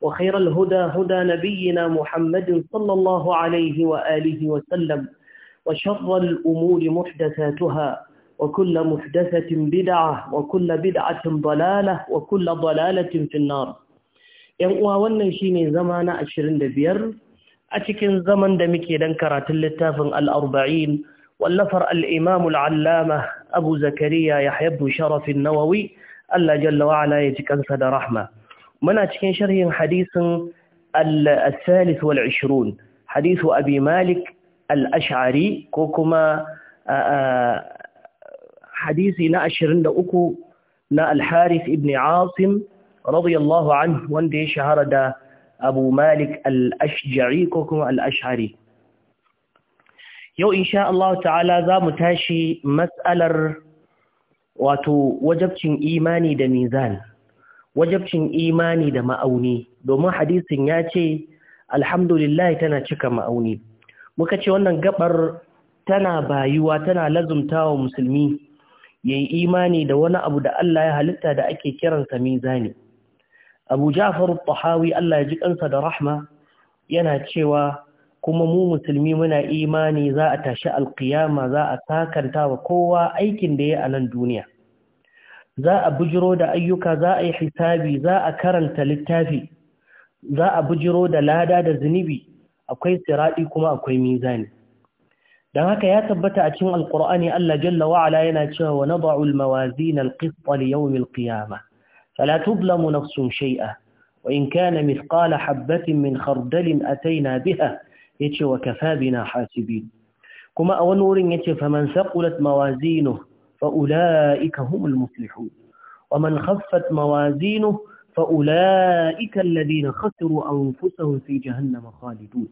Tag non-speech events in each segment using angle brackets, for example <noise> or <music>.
وخير الهدى هدى نبينا محمد صلى الله عليه وآله وسلم وشر الأمور محدثاتها وكل محدثة بدعة وكل بدعة ضلالة وكل ضلالة في النار uwa wannan shine zama na biyar a cikin zaman da muke dan karatun littafin al-arba'in wallafar al-imam al-allama Abu Zakariya Yahya ibn sharafin nawawi Allah ala ya ji da rahma muna cikin sharhin hadisin al-thalith wal 20 hadisu abi malik al-ash'ari ko kuma hadisi na 23 na al-harith ibn asim radiyallahu anhu wanda ya shahara da abu malik al-ash'ari ko kuma al-ash'ari yau insha Allah ta'ala za mu tashi mas'alar wato wajabcin imani da mizan wajabcin imani da ma'auni domin hadisin ya ce alhamdulillah tana cika ma'auni muka ce wannan gabar tana bayuwa tana lazumtawa musulmi yayi imani da wani abu da Allah ya halitta da ake kiransa mizani Abu Ja'far al-Tahawi Allah ya ji kansa da rahma yana cewa kuma mu musulmi muna imani za a tashi alqiyama za a takanta wa kowa aikin da ya a nan duniya za a bujiro da ayyuka za a yi hisabi za a karanta littafi za a bujiro da lada da zunubi akwai siraɗi kuma akwai mizani don haka ya tabbata a cikin alkur'ani Allah jalla wa'ala yana cewa wa nada'u al-mawazin al-qisṭa li yawm al fala nafsun shay'a wa in kana mithqala habatin min khardalin ataina biha yace wa kafa bina hasibin kuma a wani wurin yace faman saqulat mawazinuhu فأولئك هم المفلحون ومن خفت موازينه فأولئك الذين خسروا أنفسهم في جهنم خالدون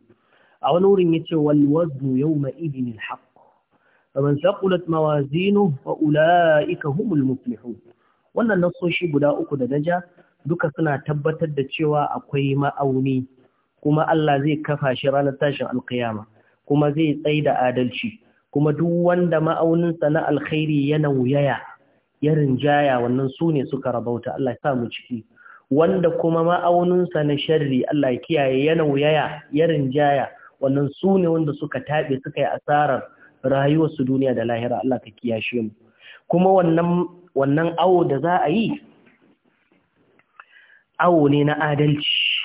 أو نور يتشوى والوزن يومئذ الحق فمن ثقلت موازينه فأولئك هم المفلحون wannan nassoshi guda uku da daja duka suna tabbatar da cewa akwai ma'auni kuma Allah zai kafa shi ranar tashin alkiyama kuma zai tsaida adalci kuma duk wanda ma'auninsa na alkhairi ya nauyaya ya rinjaya wannan su suka rabauta Allah ya sa mu ciki wanda kuma ma'auninsa na sharri Allah ya kiyaye ya nauyaya ya rinjaya wannan su wanda suka taɓe suka yi asarar rayuwarsu duniya da lahira Allah ka kiyashe mu kuma wannan wannan awo da za a yi awo ne na adalci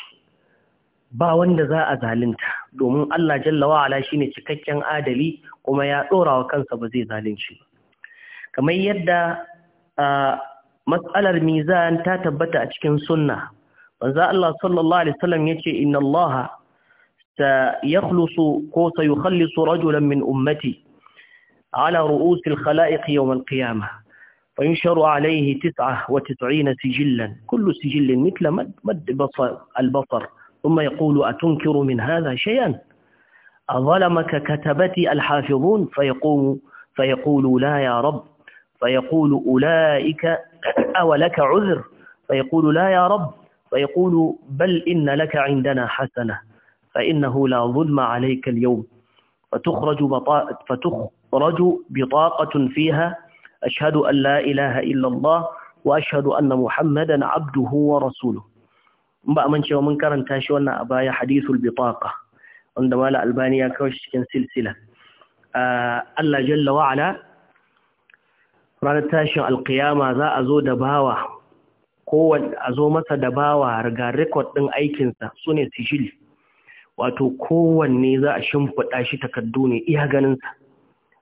ba wanda za a zalunta domin Allah jalla wa ala shine cikakken adali kuma ya dora wa kansa ba zai zalunci ba kamar yadda matsalar mizan ta tabbata a cikin sunna manzo Allah sallallahu alaihi wasallam yace inna Allah sayakhlusu ko sayakhallisu rajulan min ummati ala ru'us al-khalaiq yawm al-qiyamah وينشر عليه تسعة وتسعين سجلا كل سجل مثل مد البصر ثم يقول أتنكر من هذا شيئا أظلمك كتبتي الحافظون فيقوم فيقول لا يا رب فيقول أولئك <clears throat> أولك عذر فيقول لا يا رب فيقول بل إن لك عندنا حسنة فإنه لا ظلم عليك اليوم فتخرج, فتخرج بطاقة فيها أشهد أن لا إله إلا الله وأشهد أن محمدا عبده ورسوله in ba amincewa mun karanta shi wannan a baya hadisul bitaqa wanda mala albani ya kawo shi cikin silsila ah, Allah jalla wa ala ranar tashin alkiyama za a zo da bawa ko a zo masa da bawa riga record din aikinsa su ne sijil wato kowanne za a shimfiɗa shi takardu ne iya ganinsa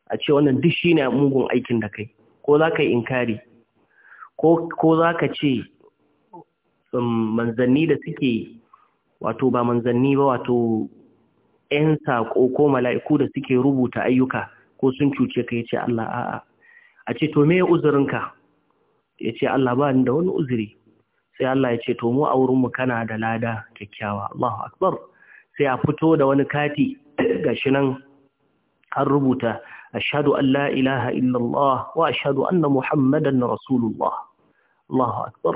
a ce wannan duk shine a mugun aikin da kai ko za ka yi inkari ko za ka ce Um, manzanni da suke wato ba manzanni ba wato 'yan saƙo ko mala'iku da suke rubuta ayyuka ko sun cuce ka ya ce Allah a'a a ce to me uzurinka ya ce Allah ba da wani uzuri sai Allah ya ce to mu a wurin wurinmu kana da lada kyakkyawa Allahu akbar sai a fito da wani kati <clears throat> gashi nan an rubuta ashhadu an la ilaha illallah wa ashhadu anna muhammadan rasulullah Allahu akbar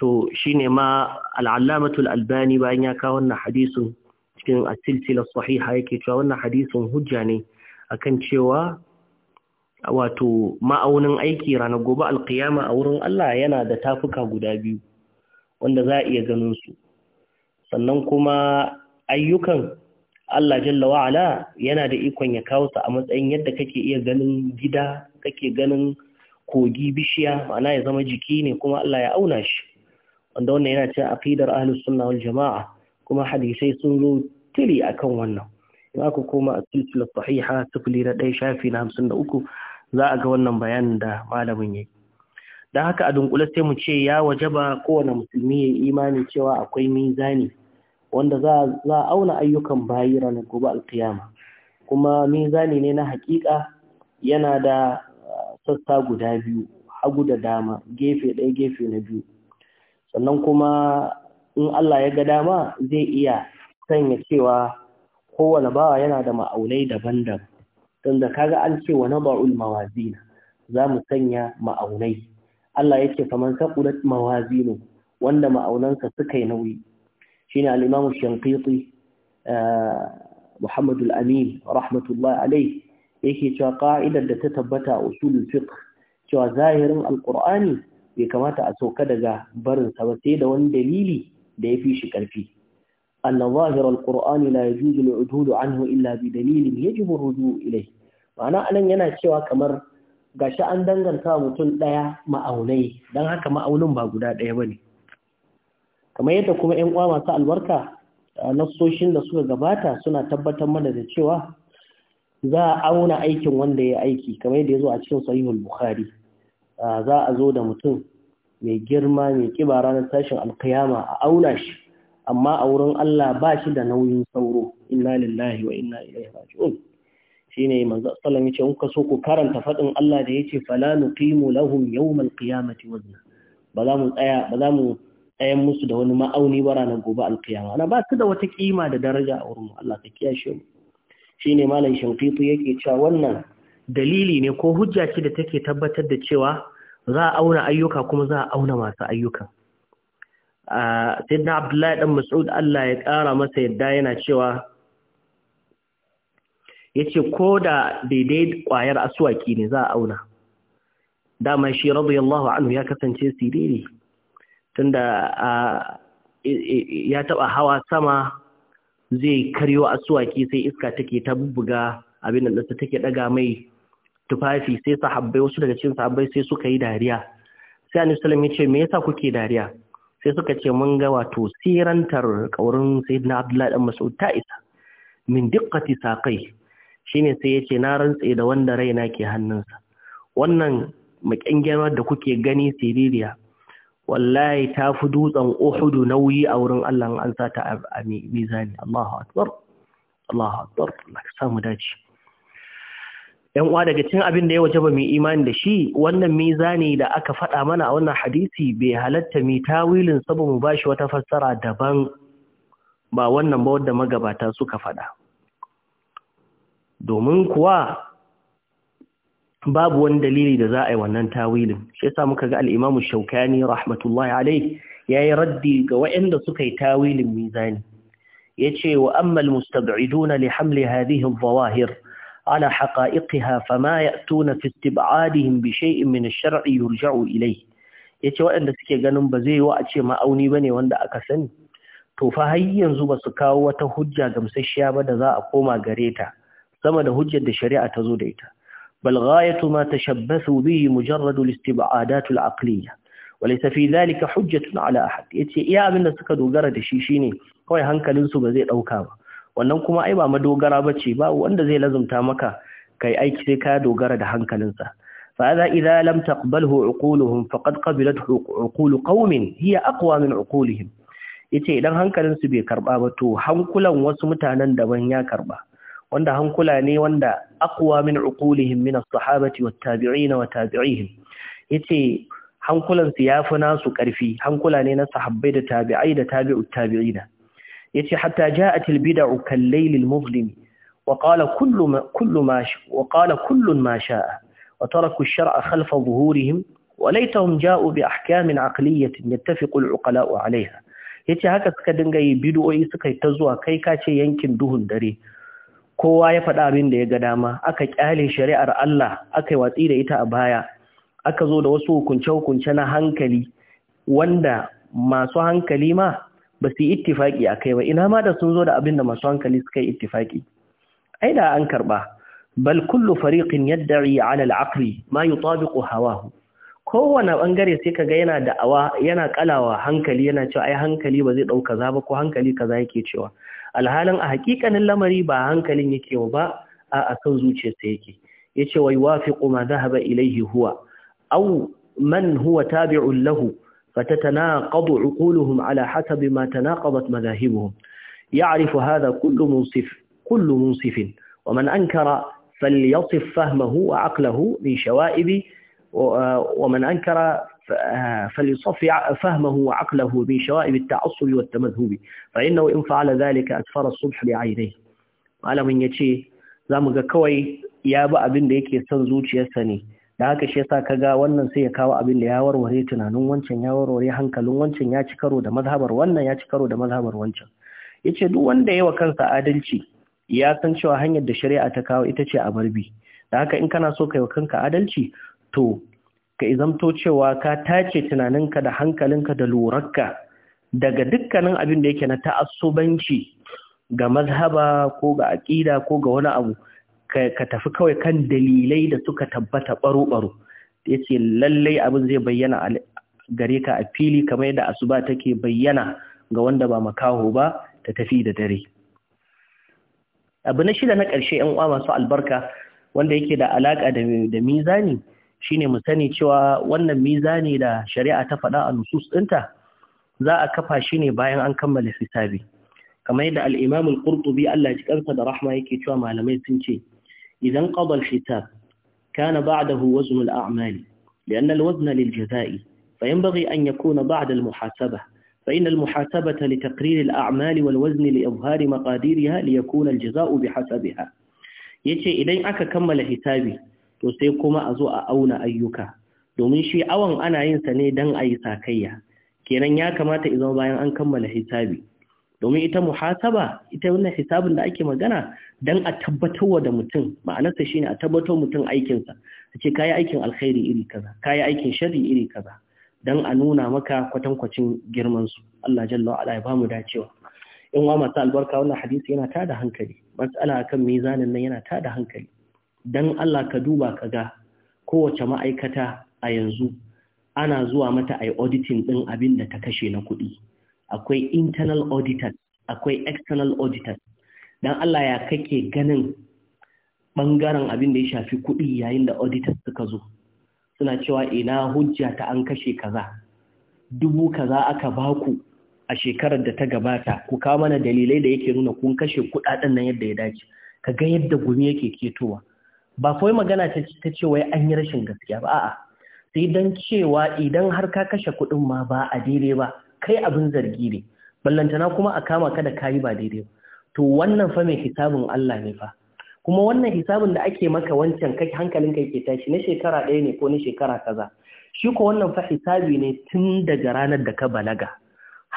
to shine ma al'allamatul albani bayan ya kawo wannan hadisin cikin asilsila sahiha yake cewa wannan hadisin hujja ne A kan cewa wato ma'aunin aiki ranar gobe alkiyama a wurin Allah yana da tafuka guda biyu wanda za a iya ganin su sannan kuma ayyukan Allah jalla wa'ala yana da ikon ya kawo su a matsayin yadda kake iya ganin gida kake ganin kogi bishiya ma'ana ya zama jiki ne kuma Allah ya auna shi wanda wannan yana cewa aqidar ahlus sunna wal jama'a kuma hadisai sun zo tili akan wannan in aka koma a silsilar sahiha sifili na ɗaya shafi na hamsin da uku za a ga wannan bayanin da malamin yayi don haka a dunkule sai mu ce ya wajaba kowane musulmi ya imani cewa akwai mizani wanda za a auna ayyukan bayi ranar gobe alkiyama kuma mizani ne na hakika yana da ah, sassa guda biyu hagu da dama gefe ɗaya gefe na biyu sannan kuma in Allah ya ga dama zai iya sanya cewa kowane bawa yana da ma'aunai daban-daban tunda kaga an ce wani naba'ul mawazina za mu sanya ma'aunai Allah yake kamar saqulat mawazinu wanda ma'aunansa suka yi nauyi shine al-Imam Shanqiti eh, Muhammad al-Amin rahmatullahi alai yake cewa ka'idar da ta tabbata usulul fiqh cewa zahirin alqur'ani bai kamata a sauka daga barinsa ba sai da wani dalili da ya fi shi ƙarfi أن ظاهر القرآن لا يجوز illa illa dalilin بدليل يجب ruju ilai. ma'ana anan yana cewa kamar gashi an danganta mutum ɗaya ma'aunai dan haka ma'aunin ba guda ɗaya ba ne kamar yadda kuma 'yan uwa masu albarka nassoshin da suka gabata suna tabbatar mana da cewa za a auna aikin wanda ya aiki kamar yadda ya zo a cikin sahihul bukhari za a zo da mutum mai girma mai kiba ranar tashin alkiyama a auna shi amma a wurin Allah ba shi da nauyin sauro inna lillahi wa inna ilaihi raji'un shine manzo sallallahu alaihi wasallam so ku karanta fadin Allah da yace fala nuqimu lahum yawm alqiyamati wazna ba za mu tsaya ba za tsayan musu da wani ma'auni ba ranar gobe alqiyama ana ba su da wata kima da daraja a wurin Allah ka kiyashe mu shine malam shinqitu yake cewa wannan dalili ne ko hujja ce da take tabbatar da cewa za a auna ayyuka kuma za a auna masu ayyuka sayyidina abdullahi dan mas'ud Allah ya ƙara masa yadda yana cewa yace ko da daidai ƙwayar aswaki ne za a auna dama shi radiyallahu anhu ya kasance siriri tunda ya taɓa hawa sama zai karyo asuwaki sai iska take ta bubbuga abin da take daga mai tufafi sai sahabbai wasu daga cikin sahabbai sai suka yi dariya sai annabi sallallahu ya ce me yasa kuke dariya sai suka ce mun ga wato sirantar kaurin sayyidina abdullahi dan mas'ud ta isa min diqqati saqai shine sai yace na rantse da wanda raina ke hannunsa wannan makengewa da kuke gani siririya wallahi ta fi dutsen uhudu nauyi a wurin Allah an sa ta a mizani Allahu akbar Allahu akbar Allah samu dace yan uwa daga cikin abin da ya ba mu imani da shi wannan mizani da aka faɗa mana a wannan hadisi bai halatta mi tawilin saboda mu bashi wata fassara daban ba wannan ba wanda magabata suka faɗa domin kuwa babu wani dalili da za a yi wannan tawilin shi yasa muka ga al-Imam Shawkani rahmatullahi alayhi yayi raddi ga waɗanda suka yi tawilin mizani yace wa amma al-mustab'iduna li hamli hadhihi al-zawahir على حقائقها فما يأتون في استبعادهم بشيء من الشرع يرجع إليه yace waɗanda suke ganin ba zai yi wa a ce ma'auni bane wanda aka sani to fa har yanzu ba su kawo wata hujja gamsasshiya ba da za a koma gare ta sama da hujjar da shari'a ta zo da ita bal ghayatu ma tashabbathu bihi mujarrad al-istib'adat al-aqliyya wa laysa fi dhalika hujjatun ala ahad yace iya abin da suka dogara da shi shine kawai hankalin su ba zai dauka ba wannan kuma ai ba madogara dogara ba wanda zai lazumta maka kai aiki sai ka dogara da hankalinsa فهذا إذا lam تقبله عقولهم فقد قبلته عقول قوم هي أقوى من عقولهم yace idan hankalinsu bai karba ba to hankulan wasu mutanen daban ya karba wanda hankula ne wanda aqwa min uqulihim min as-sahabati wat-tabi'in wa tabi'ihim yace hankulan su yafi nasu karfi hankula ne na sahabbai da tabi'ai da tabi'ut tabi'ina yace hatta ja'at albid'u kallayl almuzlim wa qala kullu kullu ma wa qala kullun ma sha'a wa taraku ash-shar'a khalfa dhuhurihim wa laitahum ja'u bi ahkamin aqliyatin yattafiqu al-uqala'u 'alayha yace haka suka dinga yi bid'o'i suka yi ta zuwa kai ka ce yankin duhun dare kowa ya faɗa abin da ya ga dama aka kyale shari'ar Allah aka yi watsi da ita a baya aka zo da wasu hukunce-hukunce na hankali wanda masu hankali ma ba su yi ittifaƙi a kai ba ina ma da sun zo da abin da masu hankali suka yi ittifaki ai da an karba bal kullu fariqin yad'i 'ala al-'aqli ma yutabiqu hawahu kowane bangare sai kaga yana da'awa yana kalawa hankali yana cewa ai hankali ba zai dauka za ba ko hankali kaza yake cewa alhalin a hakikanin lamari ba hankalin yake ba a san zuciyarsa yake yace wai wafiqu ma dhahaba ilayhi huwa aw man huwa tabi'un lahu فتتناقض عقولهم على حسب ما تناقضت مذاهبهم يعرف هذا كل منصف كل منصف ومن أنكر فليصف فهمه وعقله من شوائب ومن أنكر فليصف فهمه وعقله من شوائب التعصب والتمذهب فإنه إن فعل ذلك أكفر الصبح بعينيه على من يتشي za كوي يا kawai ya bi abin da yake da haka shi yasa kaga wannan sai ya kawo abin da ya warware tunanin wancan ya warware hankalin wancan ya ci karo da mazhabar wannan ya ci karo da mazhabar wancan yace duk wanda wa kansa adalci ya san cewa hanyar da shari'a ta kawo ita ce a barbi da haka in kana so wa kanka adalci to ka izamto cewa ka tace tunaninka da hankalinka da lurarka daga dukkanin abin da yake na ta'assubanci ga mazhaba ko ga aƙida ko ga wani abu ka tafi kawai kan dalilai da suka tabbata baro-baro ya ce lallai abin zai bayyana gare ka a fili kamar yadda asuba take bayyana ga wanda ba makaho ba ta tafi da dare abu na shida na ƙarshe yan uwa masu albarka wanda yake da alaƙa da mizani shine mu sani cewa wannan mizani da shari'a ta faɗa a nusus ɗinta za a kafa shi ne bayan an kammala hisabi kamar yadda al ƙurɗubi Allah ya da rahma yake cewa malamai sun ce إذا انقضى الحساب كان بعده وزن الأعمال لأن الوزن للجزاء فينبغي أن يكون بعد المحاسبة فإن المحاسبة لتقرير الأعمال والوزن لإظهار مقاديرها ليكون الجزاء بحسبها يجي إذن أكا كمل حسابي to أزوء أون a zo a auna ayyuka domin shi awon ana yin sa ne dan ayi sakayya kenan ya kamata idan bayan an kammala hisabi domin ita muhasaba ita wannan hisabin da ake magana dan a tabbatarwa da mutum ma'anarsa shine a tabbatar mutum aikinsa a ce kayi aikin alkhairi iri kaza kayi aikin sharri iri kaza dan a nuna maka kwatankwacin girman su Allah jalla wa ala ya bamu dacewa in wa masu albarka wannan hadisi yana tada hankali matsala akan mizanin nan yana tada hankali dan Allah ka duba ka ga kowace ma'aikata a yanzu ana zuwa mata ai auditing din abin da ta kashe na kuɗi akwai internal auditors akwai external auditors dan Allah ya kake ganin bangaren abin da ya shafi kuɗi yayin da auditors suka zo suna cewa ina hujja ta an kashe kaza dubu kaza aka baku a shekarar da ta gabata ku kawo mana dalilai da yake nuna kun kashe kuɗaɗen nan yadda ya dace ka ga yadda gumi yake ketowa ba kawai magana ta ce wai an yi rashin gaskiya ba a'a sai dan cewa idan har ka kashe kuɗin ma ba a daidai ba kai abin zargi ne ballantana kuma a kama ka da kayi ba daidai to wannan fa mai hisabin Allah ne fa kuma wannan hisabin da ake maka wancan kai hankalin kai ke tashi na shekara ɗaya ne ko na shekara kaza shi ko wannan fa hisabi ne tun daga ranar da ka balaga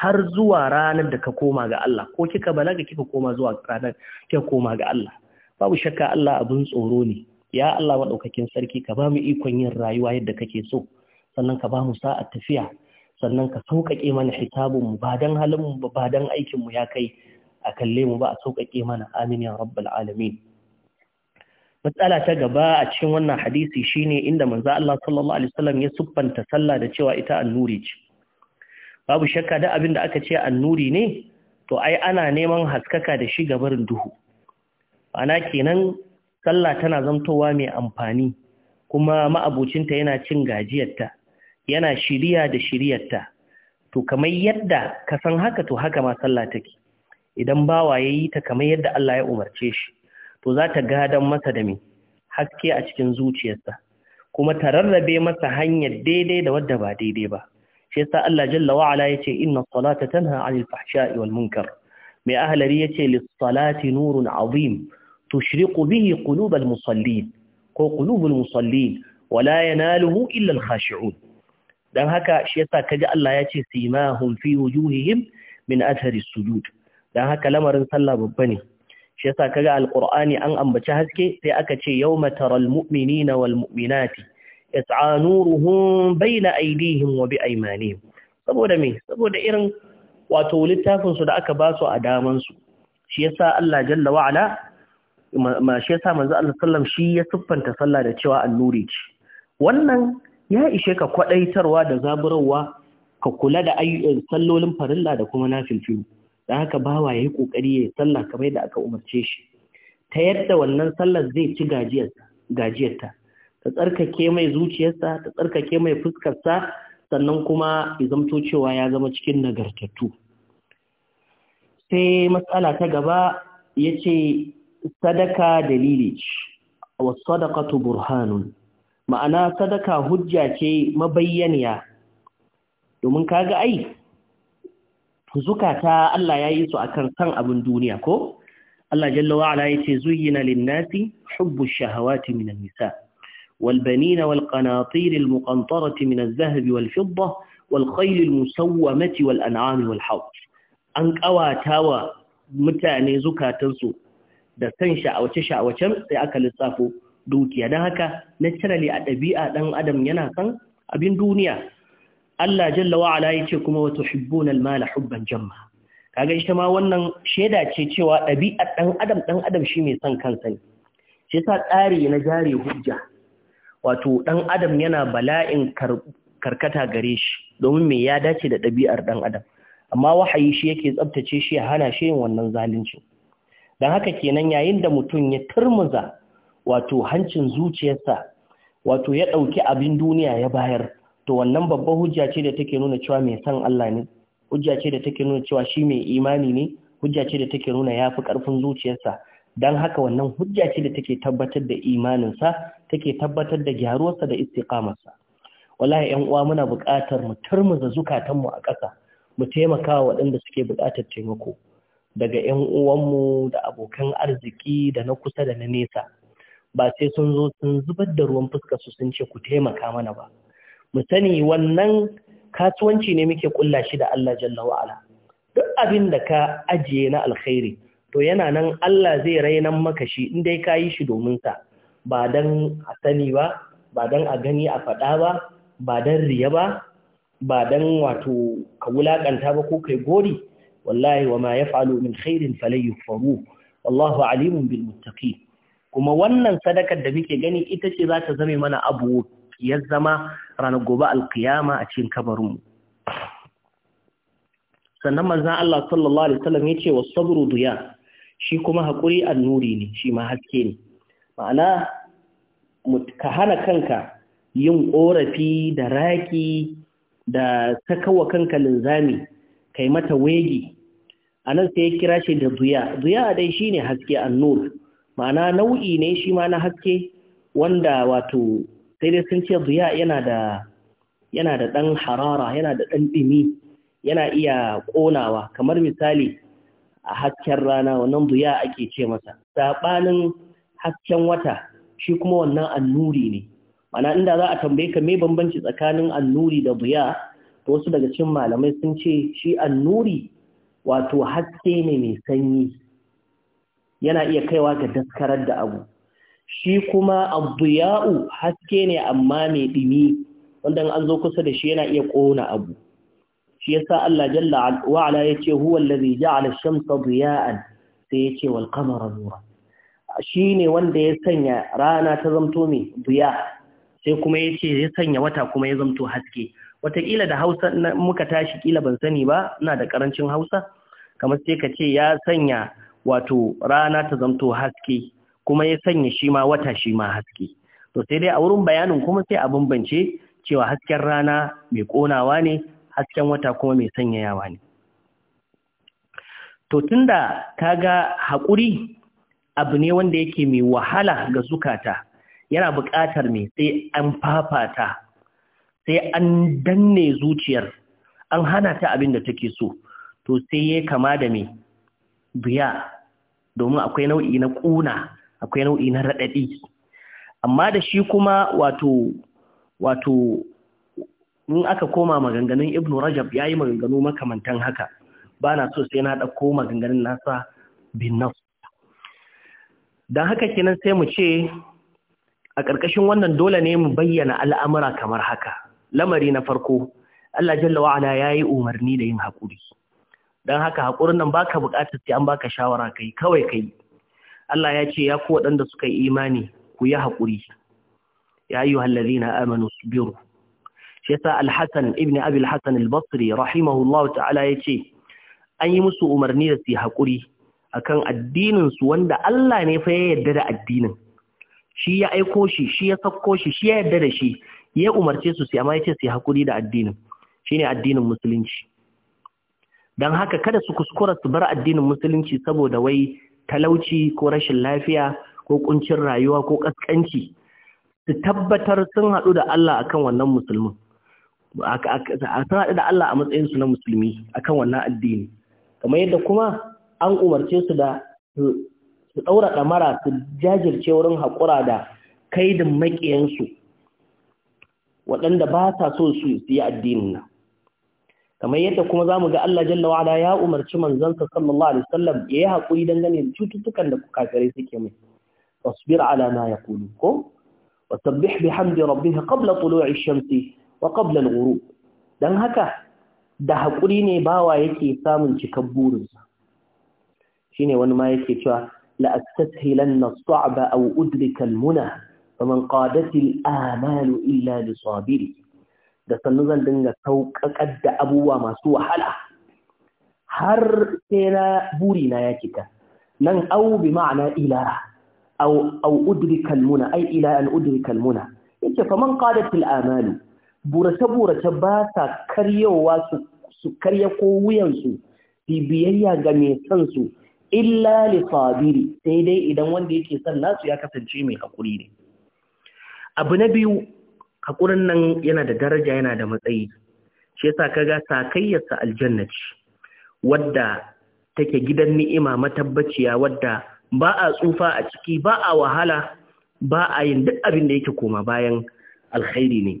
har zuwa ranar da ka koma ga Allah ko kika balaga kika koma zuwa ranar kika koma ga Allah babu shakka Allah abin tsoro ne ya Allah maɗaukakin sarki ka ba mu ikon yin rayuwa yadda kake so sannan ka ba mu sa'a tafiya sannan ka sauƙaƙe mana mu ba halin mu ba aikin mu ya kai a kalle mu ba a sauƙaƙe mana amin ya rabbal alamin matsala ta gaba a cikin wannan hadisi shine inda manzo Allah sallallahu alaihi wasallam ya suffanta sallah da cewa ita annuri ce babu shakka da abin da aka ce annuri ne to ai ana neman haskaka da shi gabarin duhu ana kenan sallah tana zamtowa mai amfani kuma ma'abucinta yana cin gajiyarta yana shirya da ta. to kamar yadda ka san haka to haka ma sallah take idan bawa yayi ta kamar yadda Allah ya umarce shi to za ta gadan masa da me haske a cikin zuciyarsa kuma ta rarrabe masa hanyar daidai da wadda ba daidai ba shi yasa Allah jalla wa ala yace inna salata tanha 'anil fahsha'i wal munkar mai ahlari yace lis salati nurun 'azim tushriqu bihi qulubal musallin ko qulubul musallin wala yanaluhu illa al khashi'un dan haka shi yasa kaji Allah ya ce simahum fi wujuhihim min athari sujud dan haka lamarin sallah babba ne shi yasa kaga alqur'ani an ambaci haske sai aka ce yawma taral mu'minina wal mu'minati yas'a nuruhum bayna aydihim wa bi aymanihim saboda me saboda irin wato littafin su da aka ba su a daman su shi yasa Allah jalla wa ala ma shi yasa manzo Allah sallam shi ya siffanta sallah da cewa annuri ce wannan ya ishe ka kwadaitarwa da zaburarwa ka kula da ayyukan eh, sallolin farilla da kuma na nafilfilu da haka bawa ya yi ƙoƙari ya yi sallah kamar da aka umarce shi ta yadda wannan sallar zai ci gajiyarta ta tsarkake mai zuciyarsa ta tsarkake mai fuskarsa sannan kuma ya cewa ya zama cikin nagartattu sai matsala ta gaba ya ce sadaka dalili ce wasu sadaka burhanun ma'ana sadaka hujja ce mabayyaniya domin kaga ai zukata Allah ya yi su akan san abin duniya ko Allah jalla wa ala yace zuyyina lin-nasi hubbu ash-shahawati minan nisa والبنين والقناطير المقنطرة من الذهب والفضة والخيل المسومة والأنعام والحوض an ƙawata wa mutane zukatansu da san sha'awace-sha'awacen sai aka lissafo dukiya don haka naturally a ɗabi'a ɗan adam yana san abin duniya Allah jalla wa'ala ya ce kuma wa tuhibbuna al-mala hubban jamma kaga ita ma wannan shaida ce cewa ɗabi'ar ɗan adam ɗan adam shi mai son kansa ne shi sa tsari na jari hujja wato ɗan adam yana bala'in karkata gare shi domin mai ya dace da ɗabi'ar ɗan adam amma wahayi shi yake tsabtace shi ya hana shi yin wannan zalunci don haka kenan yayin da mutum ya turmuza wato hancin zuciyarsa wato ya ɗauki abin duniya ya bayar to wannan babban hujja ce da take nuna cewa mai son Allah ne hujja ce da take nuna cewa shi mai imani ne hujja ce da take nuna ya fi ƙarfin zuciyarsa don haka wannan hujja ce da take tabbatar da imaninsa take tabbatar da gyaruwarsa da istiqamarsa wallahi ƴan uwa muna buƙatar mu turmuza zukatanmu a ƙasa mu taimaka wa waɗanda suke buƙatar taimako daga ƴan uwanmu da abokan arziki da na kusa da na nesa ba sai sun zo sun zubar da ruwan fuska su sun ce ku taimaka mana ba mu sani wannan kasuwanci ne muke kulla shi da Allah jalla wa'ala duk abin da ka ajiye na alkhairi to yana nan Allah zai rainan maka shi in dai ka yi shi domin sa ba dan a sani ba ba dan a gani a faɗa ba ba dan riya ba ba dan wato ka wulaƙanta ba ko kai gori wallahi wa ma yaf'alu min khairin faru. wallahu alimun bil muttaqin kuma wannan sadakar da muke gani ita ce za ta zame mana abu ya zama ranar gobe alkiyama a cikin kabarinmu sannan manzan Allah sallallahu alaihi wasallam ya ce wa duya shi kuma haƙuri annuri ne shi ma haske ne ma'ana ka hana kanka yin ƙorafi da raki da sakawa kanka linzami kai mata wegi Anan sai ya kira shi da duya duya dai shine haske annur ma'ana nau'i ne shi ma na haske wanda wato sai dai sun ce buya yana da yana da ɗan harara yana da ɗan ɗimi yana iya ƙonawa kamar misali a hasken rana wannan ziya ake ce masa saɓanin hasken wata shi kuma wannan annuri ne mana inda za a tambaye ka me bambanci tsakanin annuri da buya, to wasu daga cikin malamai sun ce shi annuri wato haske ne mai sanyi yana iya kaiwa ga daskarar da abu shi kuma abdiya'u haske ne amma mai dimi wanda an zo kusa da shi yana iya kona abu shi yasa Allah jalla wa ala yace huwa allazi ja'ala ash-shamsa diya'an sai yace wal qamara nura shine wanda ya sanya rana ta zamto mai diya sai kuma yace ya sanya wata kuma ya zamto haske watakila da Hausa muka tashi kila ban sani ba ina da karancin Hausa kamar sai ka ce ya sanya wato rana ta zamto haske kuma ya sanya shi ma wata shi ma haske to sai dai a wurin bayanin kuma sai a bambance cewa hasken rana mai konawa ne hasken wata kuma mai sanyayawa ne to tunda ga haƙuri abu ne wanda yake mai wahala ga zukata yana buƙatar mai sai an fafata sai an danne zuciyar an hana ta abin da take so to sai ya kama da mai biya domin akwai nau'i na ƙuna akwai nau'i na raɗaɗi amma da shi kuma wato wato in aka koma maganganun ibnu rajab ya yi maganganu makamantan haka ba na so sai na ɗauko maganganun nasa bin nas don haka kenan sai mu ce a ƙarƙashin wannan dole ne mu bayyana al'amura kamar haka lamari na farko Allah jalla wa'ala ya yi umarni da yin haƙuri don haka haƙurin nan ba ka buƙatar sai an baka shawara kai kawai kai Allah ya ce ya ku waɗanda suka yi imani ku yi haƙuri ya yi hallazina amanu biyu shi yasa alhassan ibn Abil Hassan albasri al-basri rahimahullah ta'ala ya ce an yi musu umarni da su haƙuri akan addinin su wanda Allah ne fa ya yarda da addinin shi ya aiko shi shi ya sako shi shi ya yarda da shi ya umarce su sai amma ya ce su haƙuri da addinin shine addinin musulunci don haka kada su kuskura su bar addinin musulunci saboda wai talauci ko rashin lafiya ko kuncin rayuwa ko kaskanci su tabbatar sun haɗu da Allah akan wannan musulmin sun haɗu da Allah a matsayin na musulmi akan wannan addini kamar yadda kuma an umarce su da su ɗaura ɗamara su jajirce wurin haƙura da kaidin maƙiyansu waɗanda ba sa so su yi addinin nan kamar yadda kuma za mu ga Allah jalla wa'ala ya umarci manzansa sallallahu alaihi wasallam ya yi haƙuri dangane da cututtukan da kafirai suke mai wasbir ala ma yaqulu ko wasabbih bihamdi rabbih qabla tulu'i shamsi wa qabla al-ghurub dan haka da haƙuri ne bawa yake samun cikar burinsa shine wani ma yake cewa la astadhilanna as-sa'ba aw udrika al-muna faman qadati al-amalu illa li sabiri da sannu zan dinga sauƙaƙar da abubuwa masu wahala har sai na buri na ya cika nan au bi ma'ana ila au au udrikal muna ai ila an udrikal muna yace faman qadatil amalu burace burace ba sa karyowa su su karya ko wuyan su biyayya ga mai san su illa li sabiri sai dai idan wanda yake son nasu ya kasance mai hakuri ne abu na biyu haƙurin nan yana da daraja yana da matsayi shi yasa kaga sakayyarsa aljanna ce wadda take gidan ni'ima matabbaciya wadda ba a tsufa a ciki ba a wahala ba a yin duk abin da yake koma bayan alkhairi ne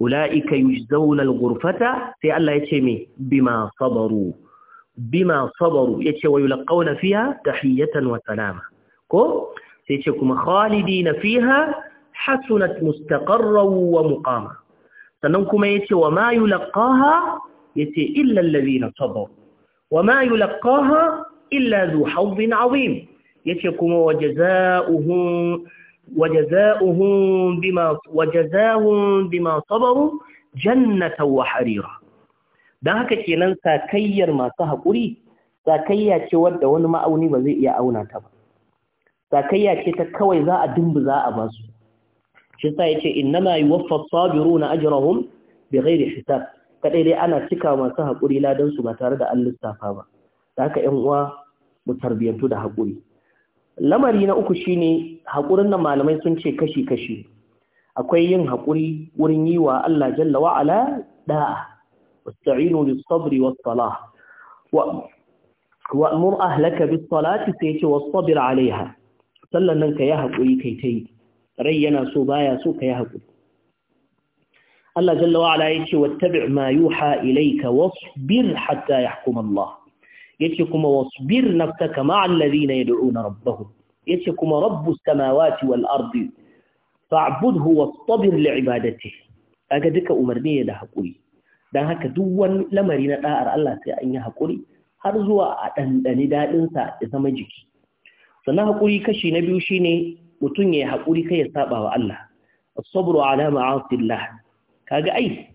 ula'ika yujzauna al-ghurfata sai Allah ya ce me bima sabaru bima sabaru yace wa yulqauna fiha tahiyatan wa salama ko sai ce kuma khalidina fiha hasunat mustaqarran wa sannan kuma yace wa ma yulqaha yace illa alladhina sabaru wa ma yulqaha illa dhu hawwin azim yace kuma wajaza'uhum wajaza'uhum bima wajazahum bima sabaru jannatan wa harira dan haka kenan sakayyar masu hakuri sakayya ce wadda wani ma'auni ba zai iya auna ta ba sakayya ce ta kawai za a za a basu shi sa yace innama yuwaffas sabiruna ajrahum bighairi hisab kadai dai ana cika masu hakuri ladan su ba tare da an lissafa ba haka ƴan uwa mu tarbiyantu da hakuri lamari na uku shine hakurin nan malamai sun ce kashi kashi akwai yin hakuri wurin yi wa Allah jalla wa ala da'a wasta'inu bis sabri was salah wa wa'mur ahlaka bis salati sai ce was sabir alaiha sallan nan ka yi hakuri kai yi. rai yana so baya so ka yi haƙuri Allah jalla wa ala yace wattabi' ma yuha ilayka wasbir hatta yahkum Allah yace kuma wasbir nafsaka ma'a alladhina yad'una rabbahum yace kuma rabbus samawati wal ardi fa'budhu wastabir li'ibadatihi kaga duka umarni ne da haƙuri dan haka duk wani lamari na da'ar Allah sai an yi haƙuri har zuwa a dandani dadin sa zama jiki sannan haƙuri kashi na biyu shine mutum ya yi haƙuri kai ya saba wa Allah as-sabru ala ma'asillah kaga ai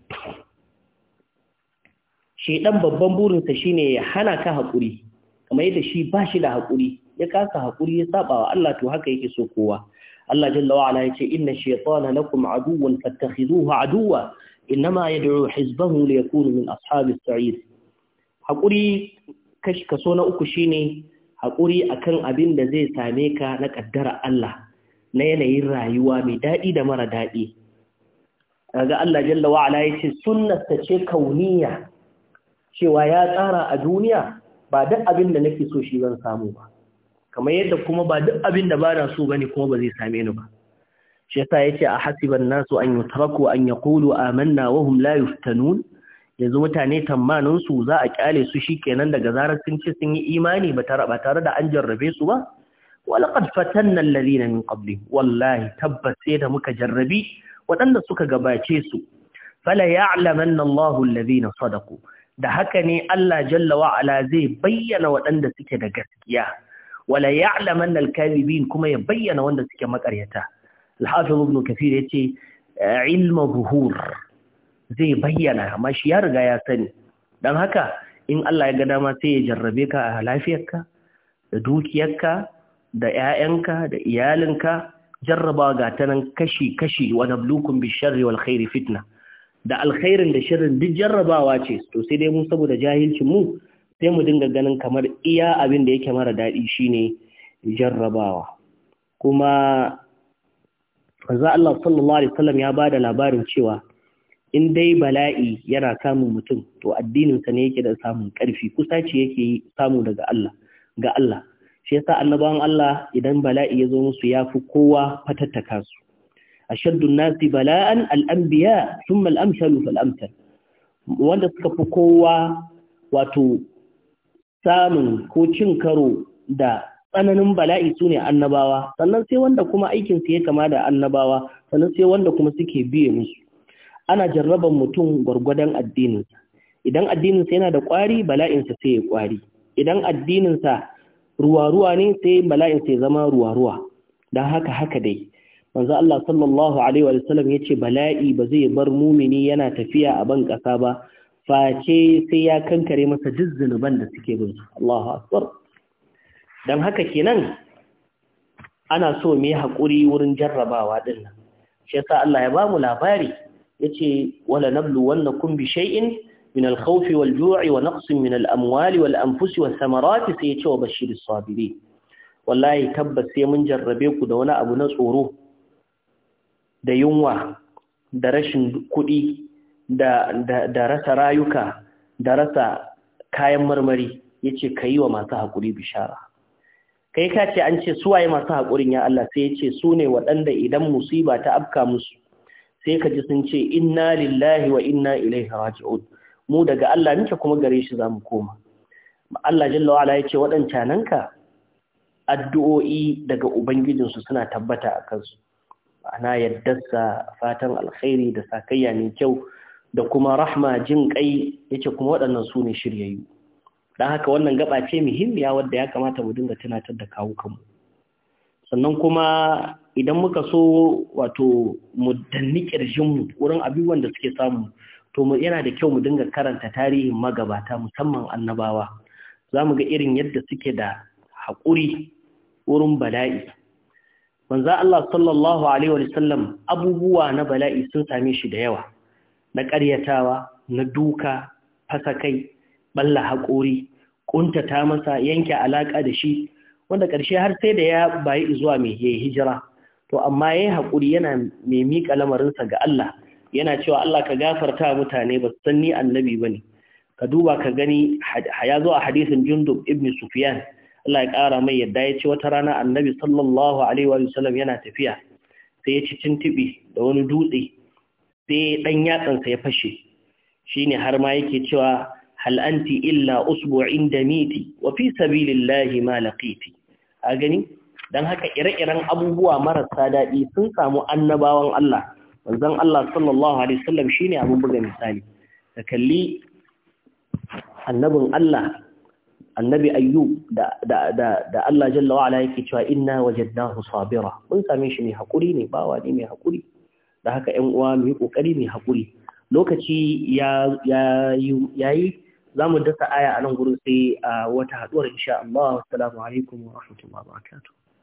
shedan babban burinsa shine ya hana ka haƙuri kamar yadda shi ba shi da haƙuri ya kasa haƙuri ya saba wa Allah to haka yake so kowa Allah jalla wa ala yace inna shaytana lakum aduwwan fattakhiduhu aduwwa inma yad'u hizbahu liyakunu min ashabi sa'ir haƙuri kaso na uku shine haƙuri akan abin da zai same ka na ƙaddara Allah na yanayin rayuwa mai daɗi da mara daɗi ga Allah jalla wa'ala ya ce, "Sunnasta ce kauniya cewa ya tsara a duniya ba duk abin da nake so shi zan samu ba kamar yadda kuma ba duk abin da bana so ba ne kuma ba zai same ni ba shi ya ce a hasiban nasu an tarako an a amanna wa hum yanzu mutane tammaninsu za a kyale su shi kenan daga zarar sun ce sun yi imani ba tare da an jarrabe su ba walaqad fatanna alladhina min qabli wallahi tabbas sai da muka jarrabi waɗanda suka gabace su fala ya'lamanna Allahu alladhina sadaqu da haka ne Allah jalla wa ala zai bayyana waɗanda suke da gaskiya wala ya'lamanna al kuma ya bayyana wanda suke makaryata al-hafiz ibn kathir yace ilma Buhur zai bayyana amma shi ya riga ya sani dan haka in Allah ya ga dama sai ya jarrabe ka a lafiyarka da dukiyarka da 'ya'yanka da iyalinka jarraba ga ta kashi-kashi wa nablukum bi sharri wal khairi fitna da alkhairin da shirin duk jarrabawa ce to sai dai mu saboda jahilcin mu sai mu dinga ganin kamar iya abin da yake mara daɗi shine jarrabawa kuma manzo Allah sallallahu alaihi wasallam ya bada labarin cewa in dai bala'i yana samun mutum to addinin sa ne yake da samun karfi ce yake samu daga Allah ga Allah shi yasa annabawan Allah idan bala'i ya zo musu ya fi kowa fatattaka su ashaddu nasi bala'an al-anbiya thumma al fal-amsal wanda suka fi kowa wato samun ko cin karo da tsananin bala'i sune annabawa sannan sai wanda kuma aikin su ya kama da annabawa sannan sai wanda kuma suke biye musu ana jarraban mutum gwargwadon addininsa idan addininsa yana da kwari bala'insa sai ya kwari idan addininsa ruwa-ruwa ne sai bala'in sai zama ruwa-ruwa Dan haka haka dai manzo Allah sallallahu alaihi wa sallam yace bala'i ba zai bar mumini yana tafiya a ban kasa ba face sai ya kankare masa duk zunuban da suke bin su Allahu akbar dan haka kenan ana so mu yi hakuri wurin jarrabawa din nan shi yasa Allah ya ba mu labari yace wala nablu wannakum bi shay'in min al-khawf wal ju'i wa naqs min al-amwali wal anfus was sai ya ce wa bashirus sabiri wallahi tabbas sai mun jarrabe ku da wani abu na tsoro da yunwa da rashin kuɗi da rasa rayuka da rasa kayan marmari yace kai wa masu hakuri bishara kai ka ce an ce suwaye masu haƙurin ya Allah sai ya ce su ne waɗanda idan musiba ta afka musu sai ka ji sun ce inna lillahi wa inna ilaihi raji'un mu daga Allah muke kuma gare shi zamu koma Allah jalla wa'ala yace waɗancananka addu'o'i daga ubangijinsu suna tabbata a kansu ana yaddarsa fatan alkhairi da sakayya mai kyau da kuma rahma jin kai yake kuma waɗannan su ne shiryayyu dan haka wannan gaba ce muhimmiya wadda ya kamata mu dinga tunatar da kawo kanmu sannan kuma idan muka so wato mu danni kirjin wurin abubuwan da suke samu to yana da kyau mu dinga karanta tarihin magabata musamman annabawa za mu ga irin yadda suke da haƙuri wurin bala'i manzo Allah sallallahu alaihi wa sallam abubuwa na bala'i sun same shi da yawa na ƙaryatawa na duka fasakai, kai balla haƙuri ƙuntata masa yanke alaƙa da shi wanda ƙarshe har sai da ya bayi zuwa mai hijira to amma ya haƙuri yana mai miƙa lamarinsa ga Allah yana cewa Allah ka gafarta mutane ba san ni annabi bane ka duba ka gani ya zo a hadisin Jundub ibn Sufyan Allah ya ƙara mai yadda ya ce wata rana annabi sallallahu alaihi wa sallam yana tafiya sai ya ci cintibi da wani dutse sai dan sa ya fashe shine har ma yake cewa hal anti illa usbu'in da wa fi sabilillahi ma laqiti a gani dan haka ire-iren abubuwa marasa daɗi sun samu annabawan Allah manzon Allah sallallahu alaihi wasallam shine abin buga misali ka kalli annabin Allah annabi ayyub da da da Allah jalla wa ala yake cewa inna wajadnahu sabira mun same shi mai hakuri ne bawa ne mai hakuri da haka ƴan uwa mu yi kokari mai hakuri lokaci ya ya yayi zamu dasa aya a nan gurin sai a wata haduwar insha Allah assalamu alaikum wa rahmatullahi wa barakatuh